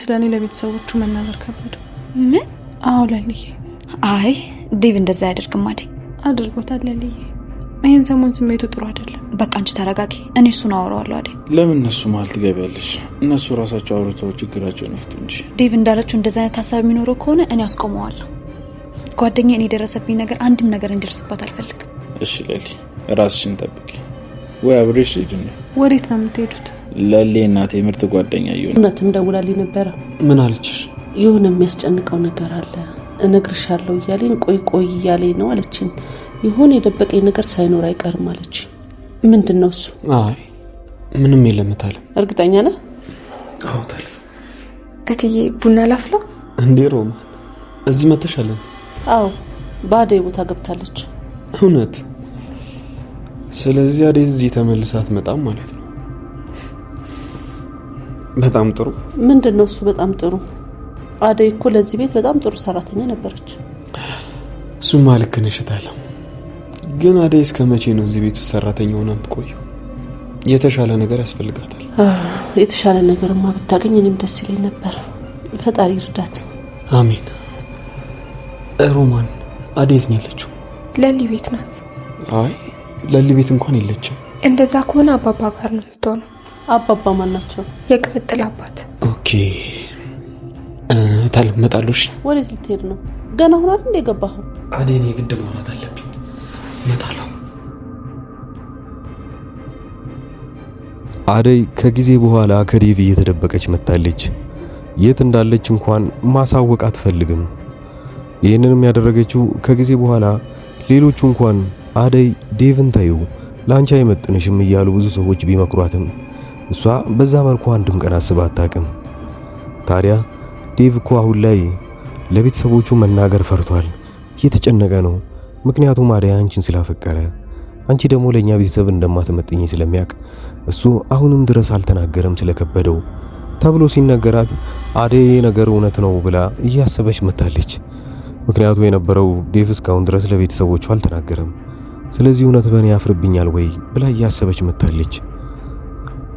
ስለ እኔ ለቤተሰቦቹ መናገር ከበደ። ምን? አዎ ለልዬ። አይ ዴቭ እንደዛ አያደርግም። አዴ አድርጎታል ለልዬ። ይህን ሰሞን ስሜቱ ጥሩ አይደለም። በቃ አንቺ ተረጋጊ፣ እኔ እሱን አወራዋለሁ። አዴ ለምን እነሱ መሀል ትገቢያለሽ? እነሱ ራሳቸው አውርተው ችግራቸውን ይፍቱ እንጂ። ዴቭ እንዳለችው እንደዚ አይነት ሀሳብ የሚኖረው ከሆነ እኔ አስቆመዋለሁ። ጓደኛ እኔ የደረሰብኝ ነገር አንድም ነገር እንዲደርስባት አልፈልግም። እሺ ለሊ፣ ራስሽን ጠብቂ። ወይ አብሬሽ ሄድ። ወዴት ነው የምትሄዱት? ለሌ እናቴ ምርጥ ጓደኛ እየሆነ እውነትም ደውላልኝ ነበረ። ምን አለችሽ? የሆነ የሚያስጨንቀው ነገር አለ እነግርሻለሁ እያለኝ ቆይ ቆይ እያለኝ ነው አለችኝ። ይሆን የደበቀኝ ነገር ሳይኖር አይቀርም አለች። ምንድን ነው እሱ? አይ ምንም የለም እርግጠኛ ነህ? አዎ ታለም። እትዬ ቡና ላፍለው እንዴ? ሮማ እዚህ መተሻለን? አዎ በአደይ ቦታ ገብታለች። እውነት? ስለዚህ አደይ እዚህ ተመልሳት መጣም ማለት ነው በጣም ጥሩ። ምንድን ነው እሱ? በጣም ጥሩ። አደይ እኮ ለዚህ ቤት በጣም ጥሩ ሰራተኛ ነበረች። እሱማ ልክ ነሽ እታለሁ። ግን አደይ እስከ መቼ ነው እዚህ ቤት ውስጥ ሰራተኛ ሆና የምትቆየው? የተሻለ ነገር ያስፈልጋታል። የተሻለ ነገርማ ብታገኝ እኔም ደስ ይለኝ ነበር። ፈጣሪ እርዳት። አሜን። ሮማን አደይ የት ነው ያለችው? ለሊ ቤት ናት። አይ ለሊ ቤት እንኳን የለችም። እንደዛ ከሆነ አባባ ጋር ነው የምትሆነው። አባባ ማን ናቸው? የቅምጥል አባት። ኦኬ መጣሉሽ። ወዴት ልትሄድ ነው? ገና አሁን አይደል የገባኸው? አዴን የግድ ማውራት አለብኝ። መጣለሁ። አደይ ከጊዜ በኋላ ከዴቭ እየተደበቀች መጥታለች። የት እንዳለች እንኳን ማሳወቅ አትፈልግም። ይህንንም ያደረገችው ከጊዜ በኋላ ሌሎቹ እንኳን አደይ ዴቭን ታዩ ላንቺ አይመጥንሽም እያሉ ብዙ ሰዎች ቢመክሯትም እሷ በዛ መልኩ አንድም ቀን አስባ አታውቅም። ታዲያ ዴቭ እኮ አሁን ላይ ለቤተሰቦቹ መናገር ፈርቷል፣ እየተጨነቀ ነው። ምክንያቱም አደይ አንቺን ስላፈቀረ፣ አንቺ ደግሞ ለእኛ ቤተሰብ እንደማትመጥኝ ስለሚያውቅ እሱ አሁንም ድረስ አልተናገረም ስለከበደው ተብሎ ሲነገራት አደይ ነገር እውነት ነው ብላ እያሰበች መታለች። ምክንያቱ የነበረው ዴቭ እስካሁን ድረስ ለቤተሰቦቹ አልተናገረም፣ ስለዚህ እውነት በእኔ ያፍርብኛል ወይ ብላ እያሰበች መታለች።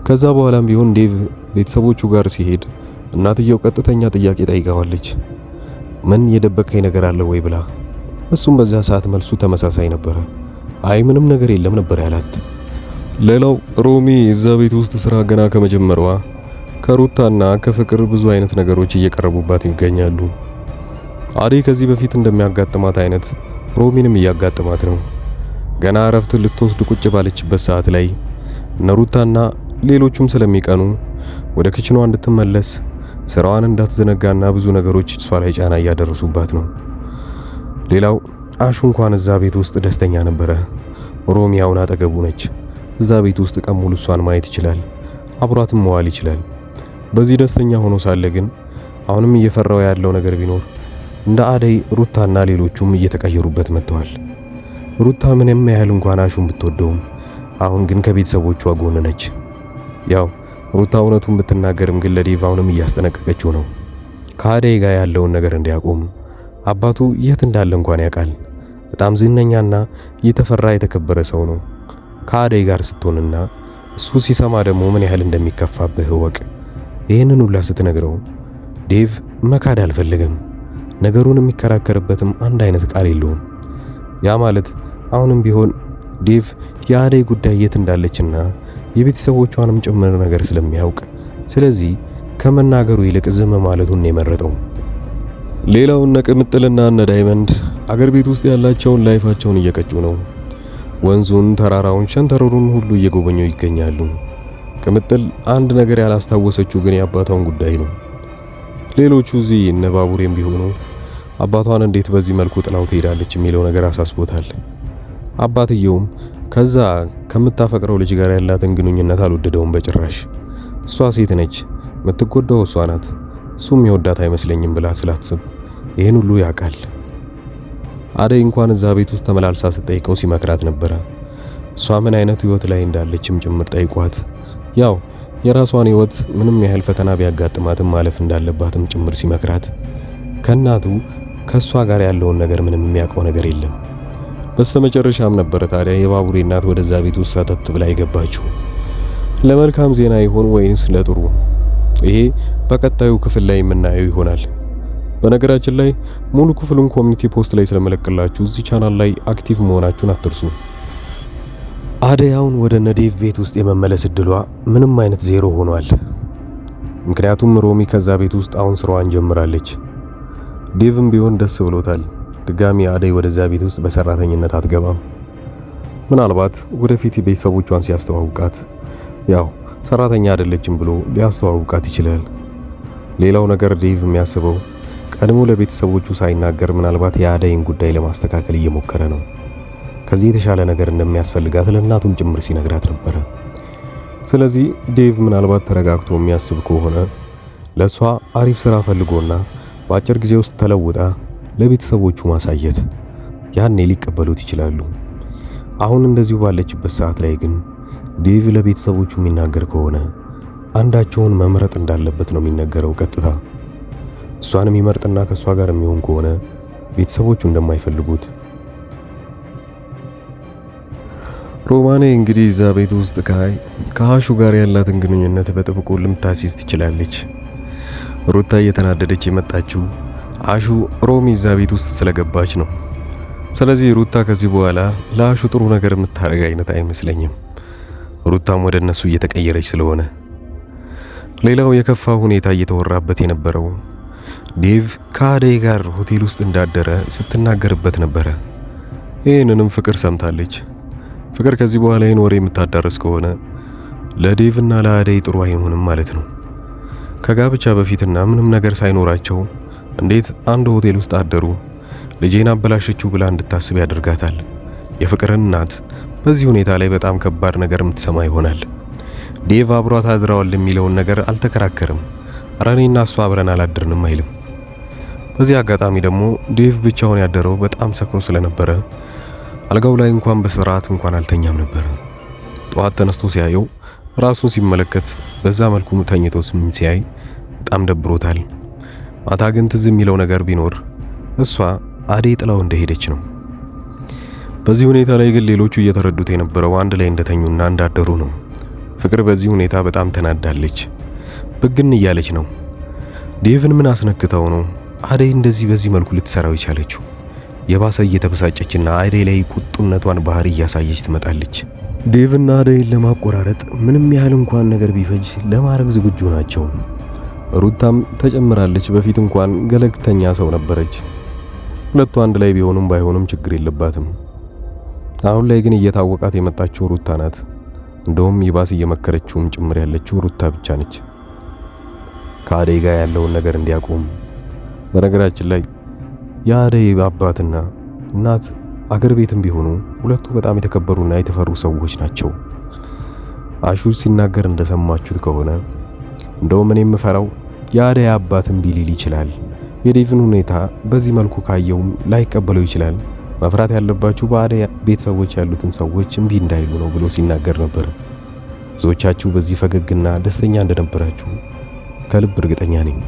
ከዛ በኋላም ቢሆን ዴቭ ቤተሰቦቹ ጋር ሲሄድ እናትየው ቀጥተኛ ጥያቄ ጠይቀዋለች። ምን የደበቀኝ ነገር አለ ወይ ብላ። እሱም በዛ ሰዓት መልሱ ተመሳሳይ ነበረ። አይ ምንም ነገር የለም ነበር ያላት። ሌላው ሮሚ እዛ ቤት ውስጥ ስራ ገና ከመጀመሯ ከሩታና ከፍቅር ብዙ አይነት ነገሮች እየቀረቡባት ይገኛሉ። አዴ ከዚህ በፊት እንደሚያጋጥማት አይነት ሮሚንም እያጋጥማት ነው። ገና እረፍት ልትወስድ ቁጭ ባለችበት ሰዓት ላይ እነ ሩታና ሌሎቹም ስለሚቀኑ ወደ ክችኗ እንድትመለስ ስራዋን እንዳትዘነጋና ብዙ ነገሮች እሷ ላይ ጫና እያደረሱባት ነው። ሌላው አሹ እንኳን እዛ ቤት ውስጥ ደስተኛ ነበረ። ሮሚ አሁን አጠገቡ ነች። እዛ ቤት ውስጥ ቀን ሙሉ እሷን ማየት ይችላል፣ አብሯትም መዋል ይችላል። በዚህ ደስተኛ ሆኖ ሳለ ግን አሁንም እየፈራው ያለው ነገር ቢኖር እንደ አደይ ሩታና ሌሎቹም እየተቀየሩበት መጥተዋል። ሩታ ምንም ያህል እንኳን አሹን ብትወደውም አሁን ግን ከቤተሰቦቿ ጎን ነች። ያው ሩታ እውነቱን ብትናገርም ግን ለዴቭ አሁንም እያስጠነቀቀችው ነው። ከአደይ ጋር ያለውን ነገር እንዲያቆም አባቱ የት እንዳለ እንኳን ያውቃል። በጣም ዝነኛና የተፈራ የተከበረ ሰው ነው። ከአደይ ጋር ስትሆንና እሱ ሲሰማ ደግሞ ምን ያህል እንደሚከፋብህ እወቅ። ይህንን ሁላ ስትነግረው ዴቭ መካድ አልፈለገም። ነገሩን የሚከራከርበትም አንድ አይነት ቃል የለውም። ያ ማለት አሁንም ቢሆን ዴቭ የአደይ ጉዳይ የት እንዳለችና የቤተሰቦቿንም ጭምር ነገር ስለሚያውቅ ስለዚህ ከመናገሩ ይልቅ ዝም ማለቱን የመረጠው። ሌላው እነ ቅምጥልና እነ ዳይመንድ አገር ቤት ውስጥ ያላቸውን ላይፋቸውን እየቀጩ ነው። ወንዙን፣ ተራራውን፣ ሸንተረሩን ሁሉ እየጎበኙ ይገኛሉ። ቅምጥል አንድ ነገር ያላስታወሰችው ግን የአባቷን ጉዳይ ነው። ሌሎቹ እዚህ እነ ባቡሬም ቢሆኑ አባቷን እንዴት በዚህ መልኩ ጥላው ትሄዳለች የሚለው ነገር አሳስቦታል። አባትየውም ከዛ ከምታፈቅረው ልጅ ጋር ያላትን ግንኙነት አልወደደውም በጭራሽ። እሷ ሴት ነች፣ የምትጎዳው እሷ ናት፣ እሱም የወዳት አይመስለኝም ብላ ስላትስብ ይህን ሁሉ ያውቃል። አደይ እንኳን እዛ ቤት ውስጥ ተመላልሳ ስትጠይቀው ሲመክራት ነበረ። እሷ ምን አይነት ህይወት ላይ እንዳለችም ጭምር ጠይቋት፣ ያው የራሷን ህይወት ምንም ያህል ፈተና ቢያጋጥማትም ማለፍ እንዳለባትም ጭምር ሲመክራት ከእናቱ ከእሷ ጋር ያለውን ነገር ምንም የሚያውቀው ነገር የለም። በስተመጨረሻም ነበረ ታዲያ የባቡሬ እናት ወደዛ ቤት ውስጥ ሰተት ብላ የገባችው። ለመልካም ዜና ይሆን ወይንስ ለጥሩ? ይሄ በቀጣዩ ክፍል ላይ የምናየው ይሆናል። በነገራችን ላይ ሙሉ ክፍሉን ኮሚኒቲ ፖስት ላይ ስለመለቅላችሁ እዚህ ቻናል ላይ አክቲቭ መሆናችሁን አትርሱ። አደያውን ወደ ነዴቭ ቤት ውስጥ የመመለስ እድሏ ምንም አይነት ዜሮ ሆኗል። ምክንያቱም ሮሚ ከዛ ቤት ውስጥ አሁን ስራዋን ጀምራለች። ዴቭም ቢሆን ደስ ብሎታል። ድጋሚ አደይ ወደዚያ ቤት ውስጥ በሰራተኝነት አትገባም። ምናልባት ወደፊት ቤተሰቦቿን ሲያስተዋውቃት ያው ሰራተኛ አይደለችም ብሎ ሊያስተዋውቃት ይችላል። ሌላው ነገር ዴቭ የሚያስበው ቀድሞ ለቤተሰቦቹ ሳይናገር ምናልባት የአደይን ጉዳይ ለማስተካከል እየሞከረ ነው። ከዚህ የተሻለ ነገር እንደሚያስፈልጋት ለእናቱም ጭምር ሲነግራት ነበረ። ስለዚህ ዴቭ ምናልባት ተረጋግቶ የሚያስብ ከሆነ ለእሷ አሪፍ ስራ ፈልጎና በአጭር ጊዜ ውስጥ ተለውጣ ለቤተሰቦቹ ማሳየት ያኔ ሊቀበሉት ይችላሉ። አሁን እንደዚሁ ባለችበት ሰዓት ላይ ግን ዴቭ ለቤተሰቦቹ የሚናገር ከሆነ አንዳቸውን መምረጥ እንዳለበት ነው የሚነገረው ቀጥታ። እሷን የሚመርጥና ከእሷ ጋር የሚሆን ከሆነ ቤተሰቦቹ እንደማይፈልጉት ሮማኔ እንግዲህ እዛ ቤት ውስጥ ካይ ከሀሹ ጋር ያላትን ግንኙነት በጥብቁ ልምታሲዝ ትችላለች። ሩታ እየተናደደች የመጣችው አሹ ሮሚ እዛ ቤት ውስጥ ስለገባች ነው። ስለዚህ ሩታ ከዚህ በኋላ ለአሹ ጥሩ ነገር የምታደርግ አይነት አይመስለኝም። ሩታም ወደ እነሱ እየተቀየረች ስለሆነ ሌላው የከፋ ሁኔታ እየተወራበት የነበረው ዴቭ ከአደይ ጋር ሆቴል ውስጥ እንዳደረ ስትናገርበት ነበረ። ይህንንም ፍቅር ሰምታለች። ፍቅር ከዚህ በኋላ ይህን ወሬ የምታዳርስ ከሆነ ለዴቭና ለአደይ ጥሩ አይሆንም ማለት ነው። ከጋብቻ በፊትና ምንም ነገር ሳይኖራቸው እንዴት አንድ ሆቴል ውስጥ አደሩ ልጄን አበላሸችው ብላ እንድታስብ ያደርጋታል። የፍቅርን እናት በዚህ ሁኔታ ላይ በጣም ከባድ ነገር የምትሰማ ይሆናል። ዴቭ አብሯት አድረዋል የሚለውን ነገር አልተከራከርም። አራኔና እሷ አብረን አላድርንም አይልም። በዚህ አጋጣሚ ደግሞ ዴቭ ብቻውን ያደረው በጣም ሰክሮ ስለነበረ አልጋው ላይ እንኳን በስርዓት እንኳን አልተኛም ነበር። ጠዋት ተነስቶ ሲያየው ራሱን ሲመለከት በዛ መልኩ ተኝቶ ሲያይ በጣም ደብሮታል። ማታ ግን ትዝ የሚለው ነገር ቢኖር እሷ አዴ ጥላው እንደሄደች ነው። በዚህ ሁኔታ ላይ ግን ሌሎቹ እየተረዱት የነበረው አንድ ላይ እንደተኙና እንዳደሩ ነው። ፍቅር በዚህ ሁኔታ በጣም ተናዳለች፣ ብግን እያለች ነው። ዴቭን ምን አስነክተው ነው አደይ እንደዚህ በዚህ መልኩ ልትሰራው የቻለችው? የባሰ እየተበሳጨችና አደይ ላይ ቁጡነቷን ባህሪ እያሳየች ትመጣለች። ዴቭና አደይን ለማቆራረጥ ምንም ያህል እንኳን ነገር ቢፈጅ ለማድረግ ዝግጁ ናቸው። ሩታም ተጨምራለች። በፊት እንኳን ገለልተኛ ሰው ነበረች። ሁለቱ አንድ ላይ ቢሆኑም ባይሆኑም ችግር የለባትም። አሁን ላይ ግን እየታወቃት የመጣችው ሩታ ናት። እንደውም ይባስ እየመከረችውም ጭምር ያለችው ሩታ ብቻ ነች፣ ከአደይ ጋር ያለውን ነገር እንዲያቆም። በነገራችን ላይ የአደይ አባትና እናት አገር ቤትም ቢሆኑ ሁለቱ በጣም የተከበሩና የተፈሩ ሰዎች ናቸው። አሹ ሲናገር እንደሰማችሁት ከሆነ እንደውም እኔ የምፈራው የአደይ አባትም ቢሊል ይችላል። የዴቭን ሁኔታ በዚህ መልኩ ካየውም ላይቀበለው ይችላል። መፍራት ያለባችሁ በአደይ ቤተሰቦች ያሉትን ሰዎች እምቢ እንዳይሉ ነው ብሎ ሲናገር ነበር። ብዙዎቻችሁ በዚህ ፈገግና ደስተኛ እንደነበራችሁ ከልብ እርግጠኛ ነኝ።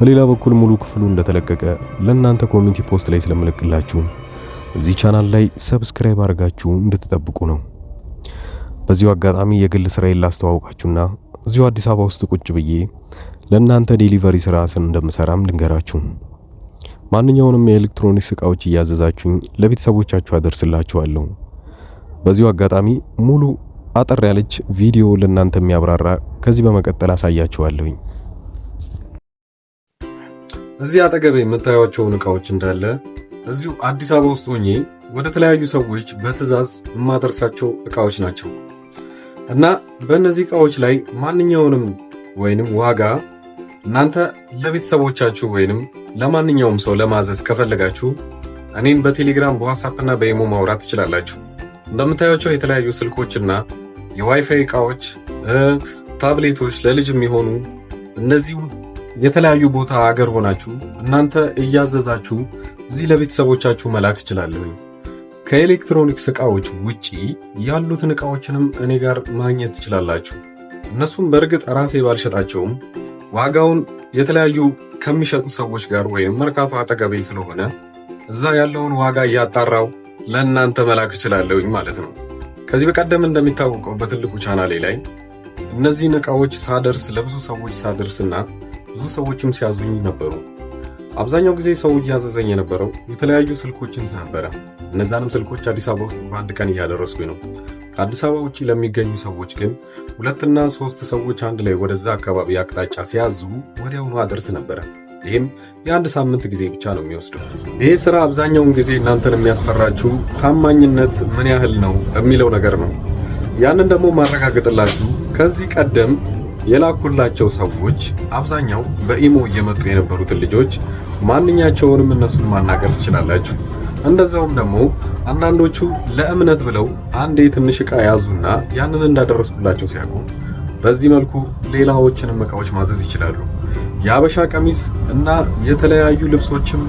በሌላ በኩል ሙሉ ክፍሉ እንደተለቀቀ ለእናንተ ኮሚኒቲ ፖስት ላይ ስለምለቅላችሁ እዚህ ቻናል ላይ ሰብስክራይብ አድርጋችሁ እንድትጠብቁ ነው። በዚሁ አጋጣሚ የግል ስራዬን ላስተዋውቃችሁና እዚሁ አዲስ አበባ ውስጥ ቁጭ ብዬ ለእናንተ ዴሊቨሪ ስራ ስን እንደምሰራም ልንገራችሁ። ማንኛውንም የኤሌክትሮኒክስ እቃዎች እያዘዛችሁኝ ለቤተሰቦቻችሁ አደርስላችኋለሁ። በዚሁ አጋጣሚ ሙሉ አጠር ያለች ቪዲዮ ለእናንተ የሚያብራራ ከዚህ በመቀጠል አሳያችኋለሁኝ። እዚህ አጠገቤ የምታዩቸውን እቃዎች እንዳለ እዚሁ አዲስ አበባ ውስጥ ሆኜ ወደ ተለያዩ ሰዎች በትዕዛዝ የማደርሳቸው እቃዎች ናቸው። እና በእነዚህ እቃዎች ላይ ማንኛውንም ወይንም ዋጋ እናንተ ለቤተሰቦቻችሁ ወይንም ለማንኛውም ሰው ለማዘዝ ከፈለጋችሁ እኔን በቴሌግራም በዋትሳፕ እና በኢሞ ማውራት ትችላላችሁ። እንደምታያቸው የተለያዩ ስልኮችና የዋይፋይ እቃዎች፣ ታብሌቶች፣ ለልጅ የሚሆኑ እነዚሁ የተለያዩ ቦታ አገር ሆናችሁ እናንተ እያዘዛችሁ እዚህ ለቤተሰቦቻችሁ መላክ ይችላለሁ። ከኤሌክትሮኒክስ እቃዎች ውጪ ያሉትን እቃዎችንም እኔ ጋር ማግኘት ትችላላችሁ። እነሱም በእርግጥ ራሴ ባልሸጣቸውም ዋጋውን የተለያዩ ከሚሸጡ ሰዎች ጋር ወይም መርካቶ አጠገቤ ስለሆነ እዛ ያለውን ዋጋ እያጣራው ለእናንተ መላክ እችላለሁኝ ማለት ነው። ከዚህ በቀደም እንደሚታወቀው በትልቁ ቻናሌ ላይ እነዚህን እቃዎች ሳደርስ ለብዙ ሰዎች ሳደርስና ብዙ ሰዎችም ሲያዙኝ ነበሩ። አብዛኛው ጊዜ ሰው እያዘዘኝ የነበረው የተለያዩ ስልኮችን ነበረ። እነዛንም ስልኮች አዲስ አበባ ውስጥ በአንድ ቀን እያደረስኩኝ ነው። ከአዲስ አበባ ውጭ ለሚገኙ ሰዎች ግን ሁለትና ሶስት ሰዎች አንድ ላይ ወደዛ አካባቢ አቅጣጫ ሲያዙ ወዲያውኑ አደርስ ነበረ። ይህም የአንድ ሳምንት ጊዜ ብቻ ነው የሚወስደው። ይህ ስራ አብዛኛውን ጊዜ እናንተን የሚያስፈራችሁ ታማኝነት ምን ያህል ነው የሚለው ነገር ነው። ያንን ደግሞ ማረጋገጥላችሁ ከዚህ ቀደም የላኩላቸው ሰዎች አብዛኛው በኢሞ እየመጡ የነበሩትን ልጆች ማንኛቸውንም እነሱን ማናገር ትችላላችሁ። እንደዚያውም ደግሞ አንዳንዶቹ ለእምነት ብለው አንድ የትንሽ እቃ ያዙና ያንን እንዳደረስኩላቸው ሲያውቁ በዚህ መልኩ ሌላዎችንም እቃዎች ማዘዝ ይችላሉ። የአበሻ ቀሚስ እና የተለያዩ ልብሶችም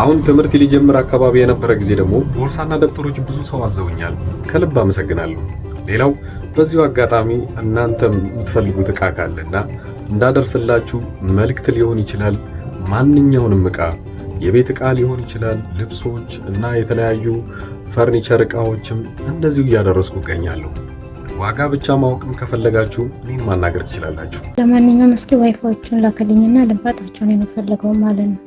አሁን ትምህርት ሊጀምር አካባቢ የነበረ ጊዜ ደግሞ ቦርሳና ደብተሮች ብዙ ሰው አዘውኛል። ከልብ አመሰግናለሁ። ሌላው በዚሁ አጋጣሚ እናንተም የምትፈልጉት እቃ ካለና እንዳደርስላችሁ መልእክት ሊሆን ይችላል። ማንኛውንም እቃ የቤት ዕቃ ሊሆን ይችላል፣ ልብሶች እና የተለያዩ ፈርኒቸር ዕቃዎችም እንደዚሁ እያደረስኩ እገኛለሁ። ዋጋ ብቻ ማወቅም ከፈለጋችሁ እኔም ማናገር ትችላላችሁ። ለማንኛውም እስኪ ዋይፋዎቹን ላከልኝና ልምረጣቸውን የምፈልገው ማለት ነው።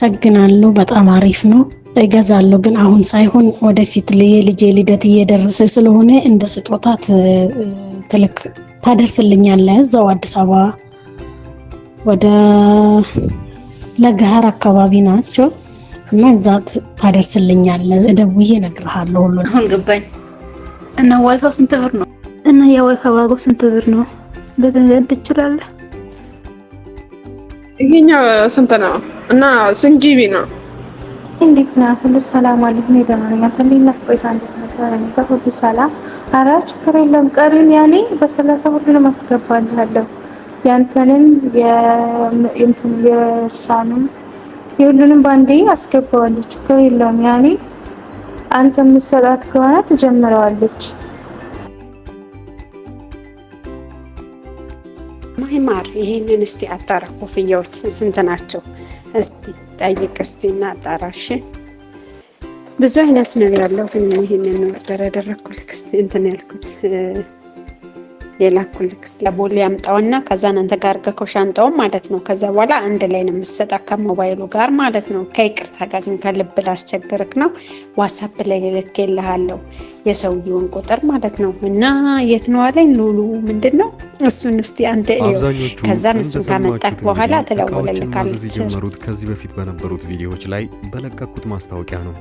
አመሰግናለሁ። በጣም አሪፍ ነው። እገዛለሁ፣ ግን አሁን ሳይሆን ወደፊት የልጄ ልደት እየደረሰ ስለሆነ እንደ ስጦታት ትልክ ታደርስልኛለህ። እዛው አዲስ አበባ ወደ ለገሀር አካባቢ ናቸው እና እዛት ታደርስልኛለህ። እደውዬ እነግርሃለሁ። ሁሉ አሁን ገባኝ። እና ዋይፋው ስንት ብር ነው? እና የዋይፋ ዋጎ ስንት ብር ነው? በገንዘብ ትችላለህ። ይሄኛው ስንት ነው? እና ስንት ጂቢ ነው? እንዴት ነው? ሁሉ ሰላም አለኝ ነው ደህና ነኝ። አንተና ቆይታ እንዴት ነበር? እኔ ጋር ሰላም። ኧረ ችግር የለም። ቀሪን ያኔ በሰላሳ ሁሉንም አስገባልሃለሁ። ያንተንም የእንትን የእሷንም የሁሉንም ባንዴ አስገባዋለሁ። ችግር የለውም። ያኔ አንተ የምትሰጣት ከሆነ ትጀምረዋለች። ማሂማር ይሄንን እስቲ አጣራ። ኮፍያዎች ስንት ናቸው? እስቲ ጠይቅ እስቲ እና እናጣራሽ። ብዙ አይነት ነው ያለው፣ ግን ይህንን ወርደር ያደረግኩልክ እንትን ያልኩት የላኩልክ እስኪ ቦሌ ያምጣውና ከዛ እናንተ ጋር ከኮሻንጣው ማለት ነው። ከዛ በኋላ አንድ ላይ ነው የምትሰጣ ከሞባይሉ ጋር ማለት ነው። ከይቅርታ ጋር ግን ከልብ ላስቸግርክ ነው ዋትሳፕ ላይ ልልክልሃለሁ የሰውየውን ቁጥር ማለት ነው። እና የት ነው አለኝ ሉሉ ምንድን ነው እሱን እስቲ አንተ ከዛም እሱን ካመጣክ በኋላ ትለውልልካለች። ከዚህ በፊት በነበሩት ቪዲዮዎች ላይ በለቀኩት ማስታወቂያ ነው።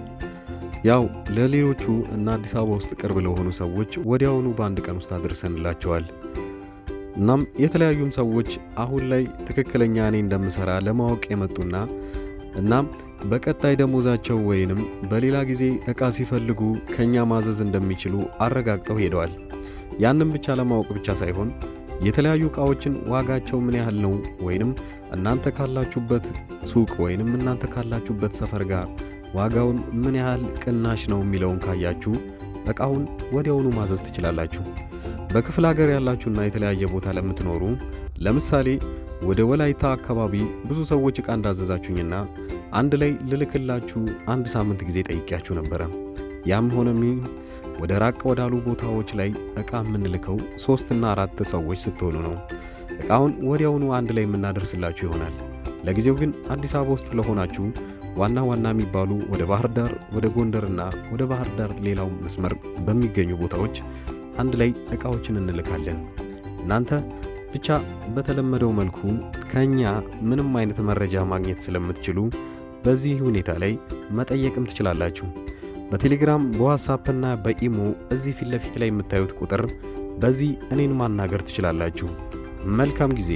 ያው ለሌሎቹ እና አዲስ አበባ ውስጥ ቅርብ ለሆኑ ሰዎች ወዲያውኑ በአንድ ቀን ውስጥ አድርሰንላቸዋል። እናም የተለያዩም ሰዎች አሁን ላይ ትክክለኛ እኔ እንደምሰራ ለማወቅ የመጡና እናም በቀጣይ ደሞዛቸው ወይንም በሌላ ጊዜ እቃ ሲፈልጉ ከእኛ ማዘዝ እንደሚችሉ አረጋግጠው ሄደዋል። ያንም ብቻ ለማወቅ ብቻ ሳይሆን የተለያዩ እቃዎችን ዋጋቸው ምን ያህል ነው ወይንም እናንተ ካላችሁበት ሱቅ ወይንም እናንተ ካላችሁበት ሰፈር ጋር ዋጋውን ምን ያህል ቅናሽ ነው የሚለውን ካያችሁ ዕቃውን ወዲያውኑ ማዘዝ ትችላላችሁ። በክፍለ ሀገር ያላችሁና የተለያየ ቦታ ለምትኖሩ ለምሳሌ ወደ ወላይታ አካባቢ ብዙ ሰዎች ዕቃ እንዳዘዛችሁኝና አንድ ላይ ልልክላችሁ አንድ ሳምንት ጊዜ ጠይቅያችሁ ነበረ። ያም ሆነም ወደ ራቅ ወዳሉ ቦታዎች ላይ ዕቃ የምንልከው ሶስትና አራት ሰዎች ስትሆኑ ነው። ዕቃውን ወዲያውኑ አንድ ላይ የምናደርስላችሁ ይሆናል። ለጊዜው ግን አዲስ አበባ ውስጥ ለሆናችሁ ዋና ዋና የሚባሉ ወደ ባህር ዳር፣ ወደ ጎንደርና ወደ ባህር ዳር ሌላው መስመር በሚገኙ ቦታዎች አንድ ላይ እቃዎችን እንልካለን። እናንተ ብቻ በተለመደው መልኩ ከእኛ ምንም አይነት መረጃ ማግኘት ስለምትችሉ በዚህ ሁኔታ ላይ መጠየቅም ትችላላችሁ። በቴሌግራም በዋትሳፕና በኢሞ እዚህ ፊት ለፊት ላይ የምታዩት ቁጥር በዚህ እኔን ማናገር ትችላላችሁ። መልካም ጊዜ